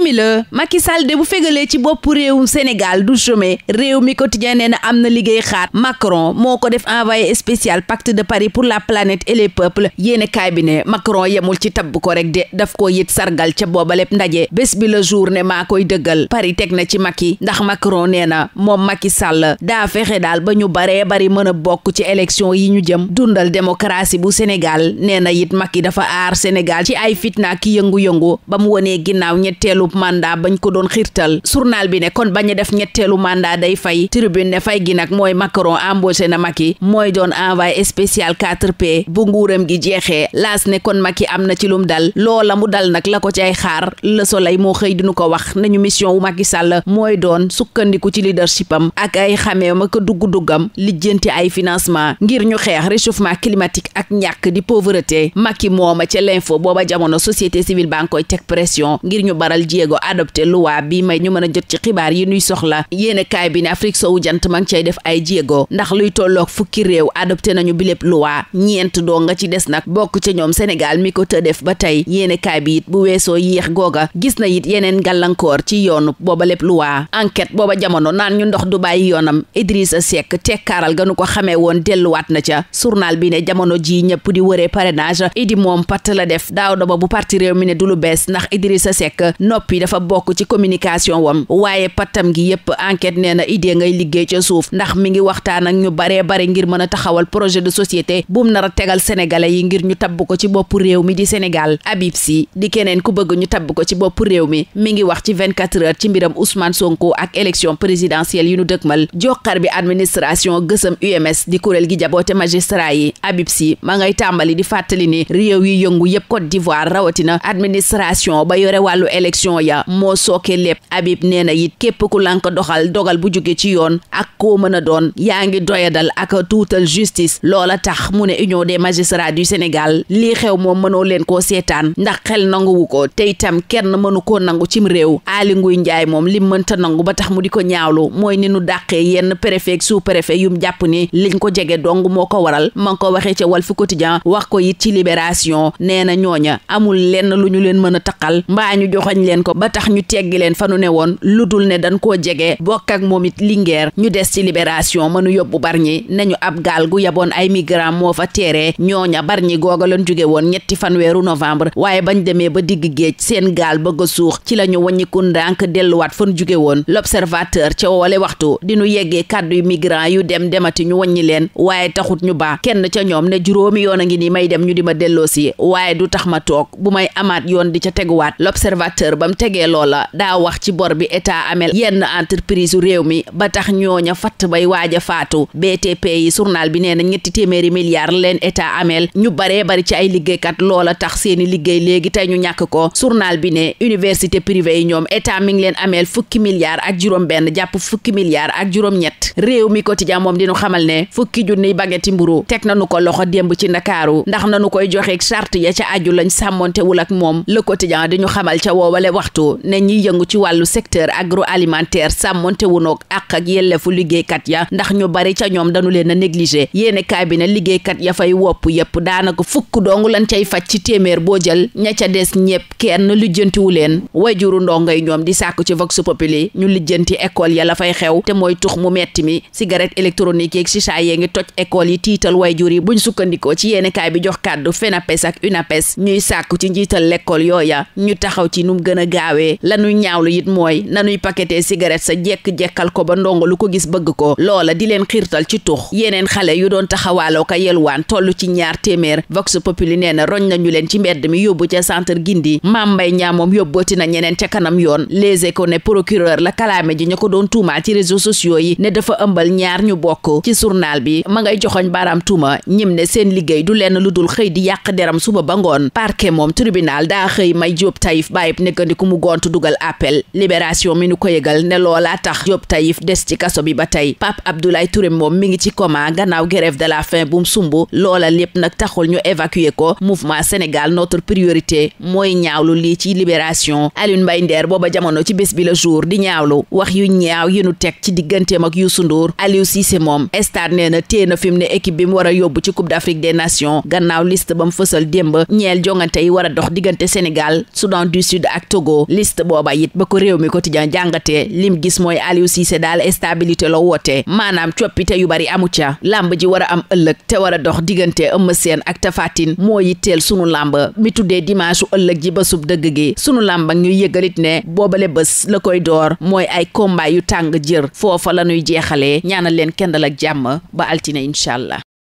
simila Macky Sall de bu fegalee ci boppu réew Sénégal du chômer réew mi quotidien nee na am na liggéey xaat Macron moo ko def envoyé spécial pacte de Paris pour la planète et les peuples yéene kaay bi yemul ci tabb ko rek de daf ko yit sargal ca boobaleb ndaje bés bi la jour ne maa koy dëggal Paris teg na ci Macky ndax Macron nee na moom Macky Sall daa fexe daal ba ñu baree bari mën a bokk ci élection yi ñu jëm dundal démocratie bu Sénégal nee na it Macky dafa aar Sénégal ci ay fitna ki yëngu ñetteelub bañ ko doon xiirtal journal bi ne kon bañ def ñetteelu mandat day fay tribune ne fay gi nag mooy Macron embauché na Macky mooy doon envoyé spécial 4P bu nguuram gi jeexee laas ne kon Macky am na ci lum dal loola mu dal nag la ko ay xaar Le Soleil moo xëy dinu ko wax nañu mission wu Macky Sall mooy doon sukkandiku ci leadership am ak ay xameem ak dugg-duggam lijjanti ay financement ngir ñu xeex réchauffement climatique ak ñàkk di pauvreté Macky mooma ca l'info booba jamono société civile baa ngi koy teg pression ngir ñu jéego adopté luwaa bi may ñu mën a jot ci xibaar yi nuy soxla yéene kaay bi ne Afrique soowu jant ma ngi cay def ay jéego ndax luy tolloog fukki réew adopté nañu bi lépp luwaa ñeent doo nga ci des nag bokk ca ñoom Sénégal mi ko tëdef ba tey yéene kaay bi it bu weesoo yéex googa gis na it yeneen gàllankoor ci yoonu booba lépp luwaa enquête booba jamono naan ñu ndox du bàyyi yoonam a Seck tekkaaral ganu ko xamee woon delluwaat na ca journal bi ne jamono ji ñëpp di wëree parrainage idi moom patt la def daaw doba noppi dafa bokk ci communication wam waaye pattam gi yépp enquête nee idée ngay liggéey ca suuf ndax mi ngi waxtaan ak ñu baree bare ngir mën a taxawal projet de société bum nar a tegal yi ngir ñu tabb ko ci bopp réew mi di Sénégal Habib Sy di keneen ku bëgg ñu tabb ko ci bopp réew mi mi ngi wax ci 24 heures ci mbiram Ousmane Sonko ak élection présidentielle yu ñu dëkmal joxar bi administration gësëm UMS di kuréel gi jaboote magistrat yi Habib Sy ma yi yëngu yépp Côte d'Ivoire rawatina administration ba yore wàllu élection condition ya moo sooke lépp Habib nee na it képp ku lànk doxal dogal bu jóge ci yoon ak koo mën a doon yaa ngi doyadal ak tuutal justice loola tax mu ne union des magistrats du Sénégal lii xew moom mënoo leen koo seetaan ndax xel nanguwu ko te itam kenn mënu koo nangu cim réew ali Ngouille njaay moom li ta nangu ba tax mu di ko ñaawlu mooy ni nu dàqee yenn préfet su sous préfet yum jàpp ni liñ ko jege dong moo ko waral man ko waxee ca Walf Quotidien wax ko it ci Libération nee leen ko ba tax ñu teggi leen fa nu ne woon lu dul ne dañ koo jege bokk ak moom it Linguère ñu des ci libération mënu yóbbu Bargny nañu ab gaal gu yaboon ay migrants moo fa teeree ñooña Bargny googa leen jóge woon ñetti fanweeru novembre waaye bañ demee ba digg géej seen gaal bëgg a suux ci la ñu wàññiku ndànk delluwaat fan jóge woon l'observateur ca woole waxtu dinu yeggee kàdduy migrant yu dem demati ñu wàññi leen waaye taxut ñu baax kenn ca ñoom ne juróomi yoon a ngi nii may dem ñu di ma delloosi boroom tegee loola daa wax ci bor bi état amel yenn entreprise u réew mi ba tax ñooña fatt bay waaj a faatu BTP yi journal bi nee na ñetti téeméeri milliards leen état amel ñu baree bari ci ay liggéeykat loola tax seeni liggéey léegi tey ñu ñàkk ko journal bi ne université privée yi ñoom état mi ngi leen ameel fukki milliards ak juróom benn jàpp fukki milliards ak juróom ñett réew mi quotidien moom dinu xamal ne fukki junniy baguette mburu teg na nanu ko loxo démb ci ndakaaru ndax nanu koy joxe charte ya ca aju lañ waxtu ne ñu yëngu ci wàllu secteur agroalimentaire sàmmonte wunoog àq ak yelleefu liggéeykat ya ndax ñu bari ca ñoom dañu leen a négligé yéene bi ne liggéeykat ya fay wopp yépp daanaka fukk dong lan cay faj ci téeméer boo jël ña ca des ñépp kenn lijjantiwu leen wayjuru ndongoy ñoom di sàkku ci vox populi ñu lijjanti école ya la fay xew te mooy tux mu metti mi cigarette électronique yeeg chicha yee ngi toj école yi tiital wayjur yi buñ sukkandikoo ci yéene bi jox kàddu FENAPES ak UNAPES ci njiital l'école yooya gaawee lanuy ñaawlu it mooy nanuy paqueté cigarette sa jekk-jekkal ko ba ndongo lu ko gis bëgg ko loola di leen xiirtal ci tux yeneen xale yu doon taxawaaloo ka yelwaan toll ci ñaar téeméer vox populi nee na roñ nañu leen ci mbedd mi yóbbu ca centre gindi maam mbay ñaamoom yóbbooti na ñeneen ca kanam yoon les échos ne procureur la kalaame ji ña ko doon tuumaal ci réseaux sociaux yi ne dafa ëmbal ñaar ñu bokk ci journal bi ma ngay joxoñ baaraam tuuma ñim seen liggéey du lenn lu dul xëy di yàq deram suba ba ngoon fekk mu gont dugal appel libération mi nu ko yëgal ne loola tax Diop Taïf des ci kaso bi ba tey Pape Abdoulaye Touré moom mi ngi ci coma gannaaw grève de la faim bu mu sumb loola lépp nag taxul ñu évacuer ko mouvement Sénégal notre priorité mooy ñaawlu lii ci libération Alioune Mbaye Nder booba jamono ci bés bi le jour di ñaawlu wax yu ñaaw yi nu teg ci digganteem ak Youssou Ndour Aliou Cissé moom stade nee na téye na fi mu ne équipe bi mu war a yóbbu ci coupe d'Afrique des nations gannaaw liste ba mu fësal démb ñeel jongante yi Sogo liste booba it ba ko réew mi quotidien jàngatee lim gis mooy Aliou Cissé daal stabilité la woote maanaam coppite yu bari amu ca lamb ji war a am ëllëg te war a dox diggante Eumeu Sène ak Tapha Tine moo yitteel sunu lamb mi tuddee dimanche ëllëg ji basub dëgg gi sunu lamb ñu yëgalit ne boobale bés la koy door mooy ay combat yu tàng jër foofa la ñuy jeexalee ñaanal leen ba altine incha allah